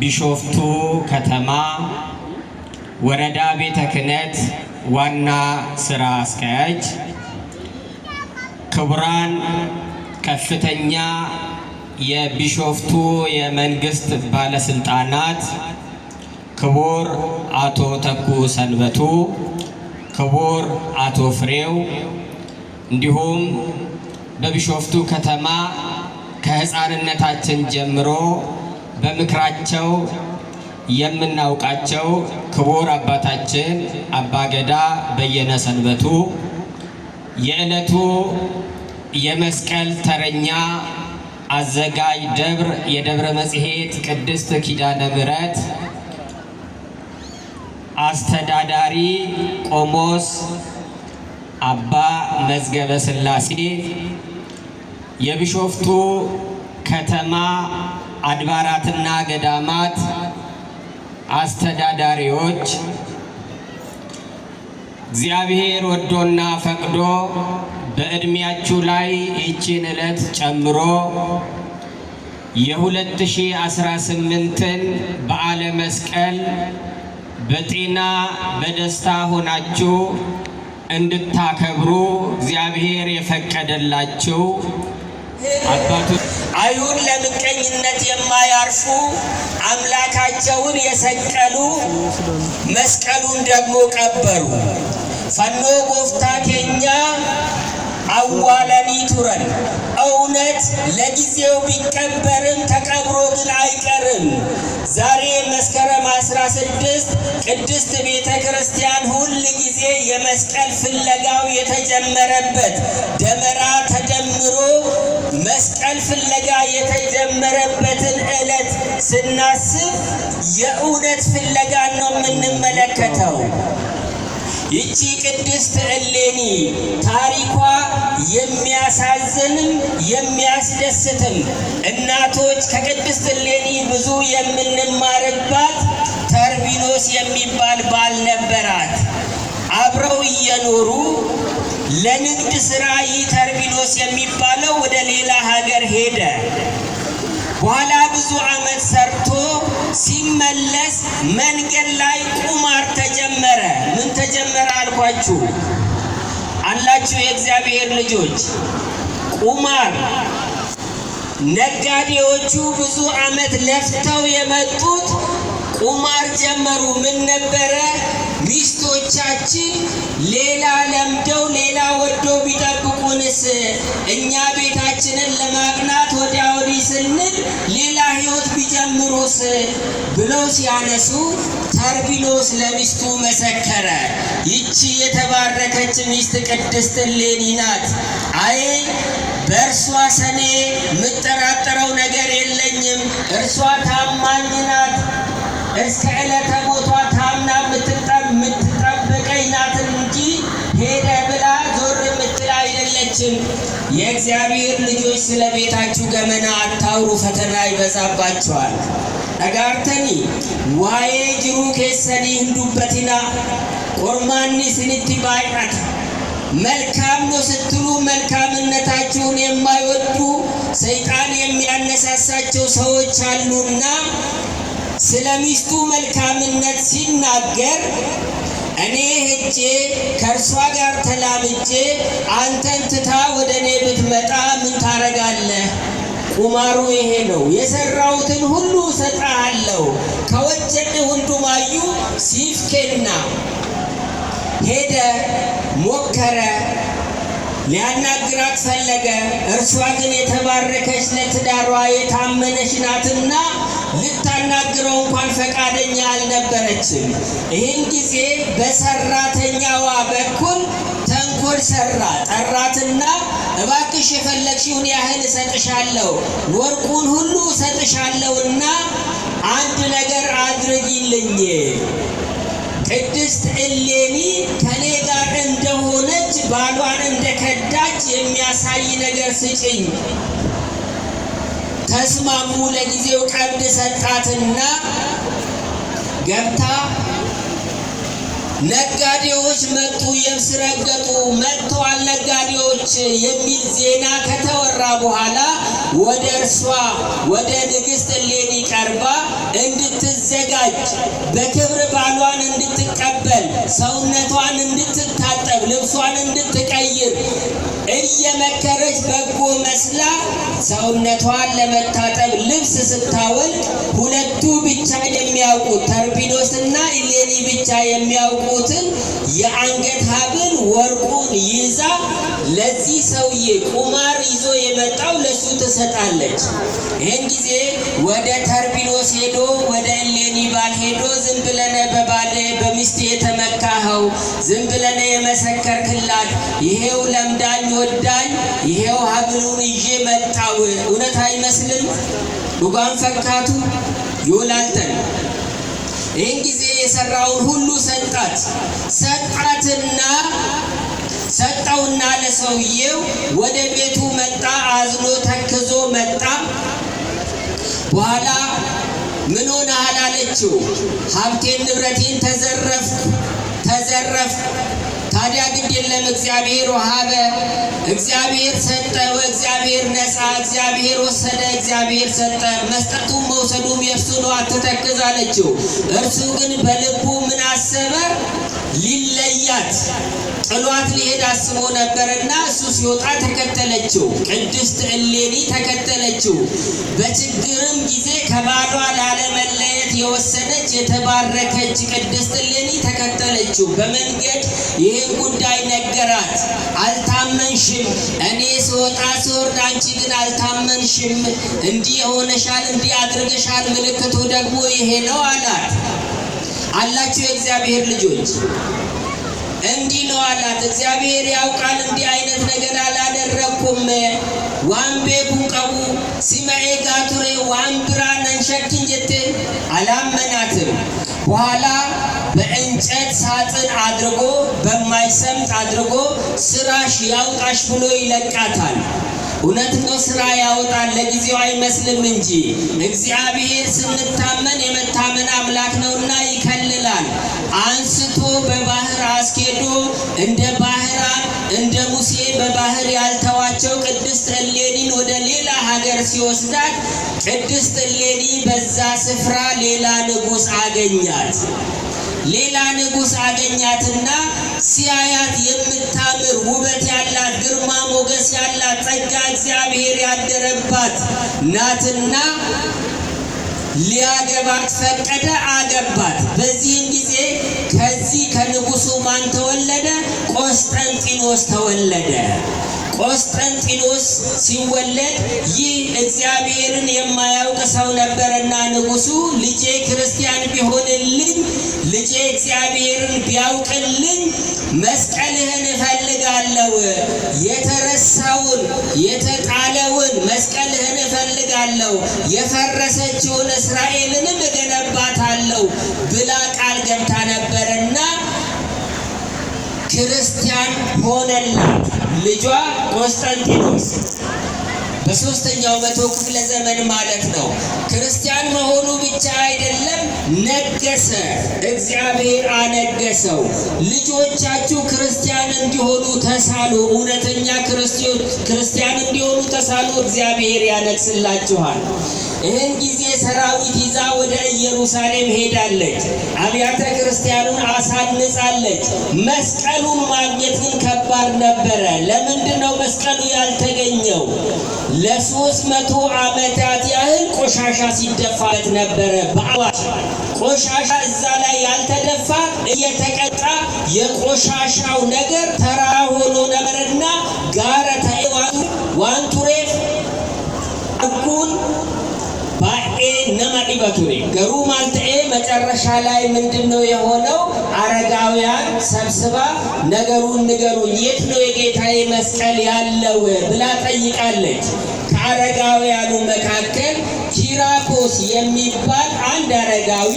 ቢሾፍቱ ከተማ ወረዳ ቤተ ክህነት ዋና ስራ አስኪያጅ፣ ክቡራን ከፍተኛ የቢሾፍቱ የመንግስት ባለስልጣናት፣ ክቡር አቶ ተኩ ሰንበቱ፣ ክቡር አቶ ፍሬው እንዲሁም በቢሾፍቱ ከተማ ከህፃንነታችን ጀምሮ በምክራቸው የምናውቃቸው ክቡር አባታችን አባገዳ በየነ ሰንበቱ የዕለቱ የመስቀል ተረኛ አዘጋጅ ደብር የደብረ መጽሔት ቅድስት ኪዳነ ምሕረት አስተዳዳሪ ቆሞስ አባ መዝገበ ሥላሴ የቢሾፍቱ ከተማ አድባራትና ገዳማት አስተዳዳሪዎች እግዚአብሔር ወዶና ፈቅዶ በእድሜያችሁ ላይ ይቺን ዕለት ጨምሮ የ2018ን በዓለ መስቀል በጤና በደስታ ሆናችሁ እንድታከብሩ እግዚአብሔር የፈቀደላችሁ አዩን ለምቀኝነት የማያርፉ አምላካቸውን የሰቀሉ መስቀሉን ደግሞ ቀበሩ። ፈኖ ጎፍታ ኬኛ አዋለኒ ቱረን እውነት ለጊዜው ቢቀበርም ተቀብሮ ግን አይቀርም። ዛሬ መስከረም 16 ቅድስት ቤተ ክርስቲያን ሁል ጊዜ የመስቀል ፍለጋው የተጀመረበት ደመራ ጀምሮ መስቀል ፍለጋ የተጀመረበትን ዕለት ስናስብ የእውነት ፍለጋ ነው የምንመለከተው። ይቺ ቅድስት እሌኒ ታሪኳ የሚያሳዝንም የሚያስደስትም እናቶች ከቅድስት እሌኒ ብዙ የምንማርባት ተርቢኖስ የሚባል ባል ነበራት። አብረው እየኖሩ ለንግድ ስራ ይህ ተርቢኖስ የሚባለው ወደ ሌላ ሀገር ሄደ። በኋላ ብዙ ዓመት ሰርቶ ሲመለስ መንገድ ላይ ቁማር ተጀመረ። ምን ተጀመረ አልኳችሁ አላችሁ የእግዚአብሔር ልጆች ቁማር ነጋዴዎቹ ብዙ ዓመት ለፍተው የመጡት ቁማር ጀመሩ። ምን ነበረ? ሚስቶቻችን ሌላ ለምደው ብሎ ሲያነሱ ተርቢሎስ ለሚስቱ መሰከረ። ይቺ የተባረከች ሚስት ቅድስት እሌኒ ናት። አይ በእርሷ ሰኔ የምጠራጠረው ነገር የለኝም። እርሷ ታማኝ ናት። እስከ ዕለተ ሞቷ ታምና የምትጠብቀኝ ናት እንጂ ሄደ ብላ ዞር የምትል አይደለችም። የእግዚአብሔር ልጆች ስለ ቤታችሁ ገመና አታውሩ፣ ፈተና ይበዛባችኋል። dhagaartanii waa'ee jiruu keessanii hin dubbatinaa qormaanni isinitti baay'ata መልካም ነው ስትሉ መልካምነታችሁን የማይወዱ ሰይጣን የሚያነሳሳቸው ሰዎች አሉና ስለ ሚስቱ መልካምነት ሲናገር እኔ ሄጄ ከእርሷ ጋር ተላምጄ አንተን ትታ ቁማሩ ይሄ ነው። የሰራሁትን ሁሉ እሰጥሃለሁ ከወጀድ ሁንዱማዩ ሲፍኬና ሄደ ሞከረ ሊያናግራት ፈለገ። እርሷ ግን የተባረከች ለትዳሯ የታመነች ናትና ልታናግረው እንኳን ፈቃደኛ አልነበረችም። ይህን ጊዜ በሰራተኛዋ በኩል ተንኮል ሰራ። ጠራትና እባክሽ የፈለግሽውን ያህል እሰጥሻለሁ፣ ወርቁን ሁሉ እሰጥሻለሁና አንድ ነገር አድርጊልኝ። ቅድስት እሌኒ ከኔ ጋር እንደሆነች ባሏን እንደከዳች የሚያሳይ ነገር ስጭኝ። ተስማሙ። ለጊዜው ቀብድ ሰጣትና ገብታ ነጋዴው ሰዎች መጡ፣ የብስ ረገጡ፣ መጥተዋል ነጋዴዎች የሚል ዜና ከተወራ በኋላ ወደ እርሷ ወደ ንግሥት እሌኒ ቀርባ እንድትዘጋጅ በክብር ባሏን እንድትቀበል ሰውነቷን እንድትታጠብ ልብሷን እንድትቀይር እየመከረች በጎ መስላ ሰውነቷን ለመታጠብ ልብስ ስታወልቅ ሁለቱ ብቻ የሚያውቁት ተርቢኖስና ብቻ የሚያውቁትን የአንገት ሀብል ወርቁን ይዛ ለዚህ ሰውዬ ቁማር ይዞ የመጣው ለሱ ትሰጣለች። ይህን ጊዜ ወደ ተርቢኖስ ሄዶ ወደ እሌኒ ባል ሄዶ ዝም ብለነ በባለ በሚስት የተመካኸው ዝም ብለነ የመሰከርክላት ይሄው ለምዳኝ ወዳኝ ይሄው ሀብሉን ይዤ መጣው። እውነት አይመስልም? ዱጋን ፈካቱ ይውላልተን ይህን ጊዜ የሰራውን ሁሉ ሰጣት። ሰጣትና ሰጠውና ለሰውየው ወደ ቤቱ መጣ። አዝኖ ተክዞ መጣ። በኋላ ምን ሆነ አለችው። ሀብቴን ንብረቴን ተዘረፍኩ ተዘረፍ። ታዲያ ግድ የለም እግዚአብሔር ውሃበ እግዚአብሔር ሰጠ፣ ወእግዚአብሔር ነሳ፣ እግዚአብሔር ወሰደ፣ እግዚአብሔር ሰጠ። መስጠቱም መውሰዱም የእርሱ ነው፣ አትተክዝ አለችው። እርሱ ግን በልቡ ምን አሰበ? ሊለያት ጥሏት ሊሄድ አስቦ ነበርና እርሱ ሲወጣ ተከተለችው። ቅድስት እሌኒ ተከተለችው። በችግርም ጊዜ ከባሏ ላለመለየት የወሰነች የተባረከች ቅድስት እሌኒ ተከተለችው። በመንገድ ይህን ጉዳይ ነገራት። አልታመንሽም፣ እኔ ስወጣ ስወርድ፣ አንቺ ግን አልታመንሽም። እንዲህ የሆነሻል፣ እንዲህ አድርገሻል፣ ምልክቱ ደግሞ ይሄ ነው አላት። አላችሁ የእግዚአብሔር ልጆች እንዲህ ነው አላት። እግዚአብሔር ያውቃል እንዲህ አይነት ነገር አላደረግኩም። ዋንቤ ቡንቀቡ ሲመኤ ጋቱሬ ዋንብራ ነንሸኪን ጀት አላመናትም። በኋላ በእንጨት ሳጥን አድርጎ በማይሰምጥ አድርጎ ስራሽ ያውቃሽ ብሎ ይለቃታል። እውነት ነው ስራ ያወጣል፣ ለጊዜው አይመስልም እንጂ እግዚአብሔር ስንታመን የመታመን አምላክ ነውና ይከልላል። አንስቶ በባህር አስኬዶ እንደ ባህራ እንደ ሙሴ በባህር ያልተዋቸው ቅድስት እሌኒን ወደ ሌላ ሀገር ሲወስዳት ቅድስት እሌኒ በዛ ስፍራ ሌላ ንጉሥ አገኛት። ሌላ ንጉሥ አገኛትና ሲያያት የምታምር ውበት ያላት ግርማ ሞገስ ያላት ጸጋ እግዚአብሔር ያደረባት ናትና ሊያገባት ፈቀደ፣ አገባት። በዚህም ጊዜ ከዚህ ከንጉሱ ማን ተወለደ? ቆስጠንጢኖስ ተወለደ። ቆስጠንጢኖስ ሲወለድ ይህ እግዚአብሔርን የማያውቅ ሰው ነበረና ንጉሱ ልጄ ክርስቲያን ቢሆንልኝ፣ ልጄ እግዚአብሔርን ቢያውቅልኝ መስቀልህን እፈልጋለሁ፣ የተረሳውን የተጣለውን መስቀልህን እፈልጋለሁ፣ የፈረሰችውን እስራኤልንም እገነባታለሁ ብላ ቃል ገብታ ነበረና ክርስቲያን ሆነላት። ልጇ ቆስጠንጢኖስ በሶስተኛው መቶ ክፍለ ዘመን ማለት ነው። ክርስቲያን መሆኑ ብቻ አይደለም ነገሰ፣ እግዚአብሔር አነገሰው። ልጆቻችሁ ክርስቲያን እንዲሆኑ ተሳሉ፣ እውነተኛ ክርስቲያን እንዲሆኑ ተሳሉ፣ እግዚአብሔር ያነግስላችኋል። ይህን ጊዜ ሰራዊት ይዛ ወደ ኢየሩሳሌም ሄዳለች። አብያተ ክርስቲያኑን አሳንጻለች። መስቀሉን ማግኘት ግን ከባድ ነበረ። ለምንድን መስቀሉ ያልተገኘው ለሶስት መቶ ዓመታት ያህል ቆሻሻ ሲደፋለት ነበረ። በአዋጅ ቆሻሻ እዛ ላይ ያልተደፋ እየተቀጣ የቆሻሻው ነገር ተራ ሆኖ ነበረና ጋረ ታይዋቱ ዋንቱሬፍ አኩን ለማዕበቱ ነው። ገሩም አልጥኤ መጨረሻ ላይ ምንድን ነው የሆነው? አረጋውያን ሰብስባ ነገሩን ንገሩ፣ የት ነው የጌታዬ መስቀል ያለው ብላ ጠይቃለች። ከአረጋውያኑ መካከል ቺራኮስ የሚባል አንድ አረጋዊ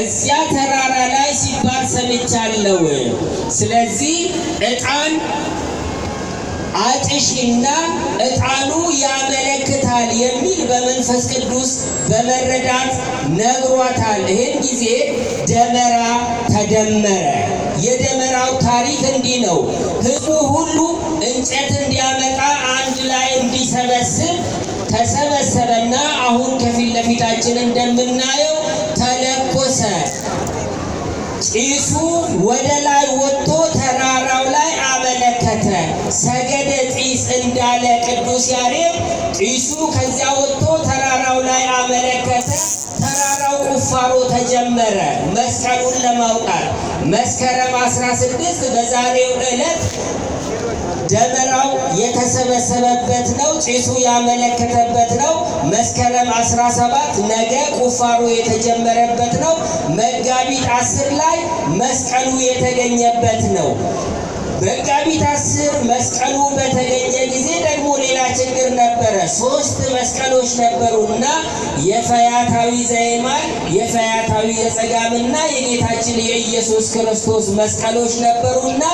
እዚያ ተራራ ላይ ሲባል ሰምቻለሁ። ስለዚህ ዕጣን አጭሽና እጣኑ ያመለክታል የሚል በመንፈስ ቅዱስ በመረዳት ነግሯታል። ይህን ጊዜ ደመራ ተደመረ። የደመራው ታሪክ እንዲህ ነው። ሕዝቡ ሁሉ እንጨት እንዲያመጣ አንድ ላይ እንዲሰበስብ ተሰበሰበና አሁን ከፊት ለፊታችን እንደምናየው ተለኮሰ። ጭሱ ወደ ላይ መስቀሉን ለማውጣት መስከረም 16 በዛሬው ዕለት ደመራው የተሰበሰበበት ነው። ጭሱ ያመለከተበት ነው። መስከረም 17 ነገ ቁፋሮ የተጀመረበት ነው። መጋቢት 10 ላይ መስቀሉ የተገኘበት ነው። መጋቢት 10 መስቀሉ ሶስት መስቀሎች ነበሩ እና የፈያታዊ ዘይማን የፈያታዊ የጸጋምና የጌታችን የኢየሱስ ክርስቶስ መስቀሎች ነበሩና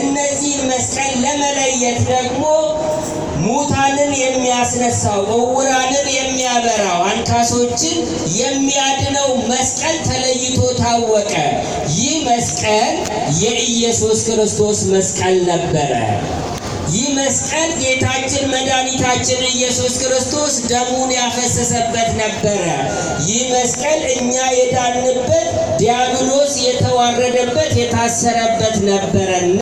እነዚህን መስቀል ለመለየት ደግሞ ሙታንን የሚያስነሳው እውራንን የሚያበራው አንካሶችን የሚያድነው መስቀል ተለይቶ ታወቀ። ይህ መስቀል የኢየሱስ ክርስቶስ መስቀል ነበረ። ይህ መስቀል ጌታችን መድኃኒታችን ኢየሱስ ክርስቶስ ደሙን ያፈሰሰበት ነበረ። ይህ መስቀል እኛ የዳንበት ዲያብሎስ የተዋረደበት የታሰረበት ነበረ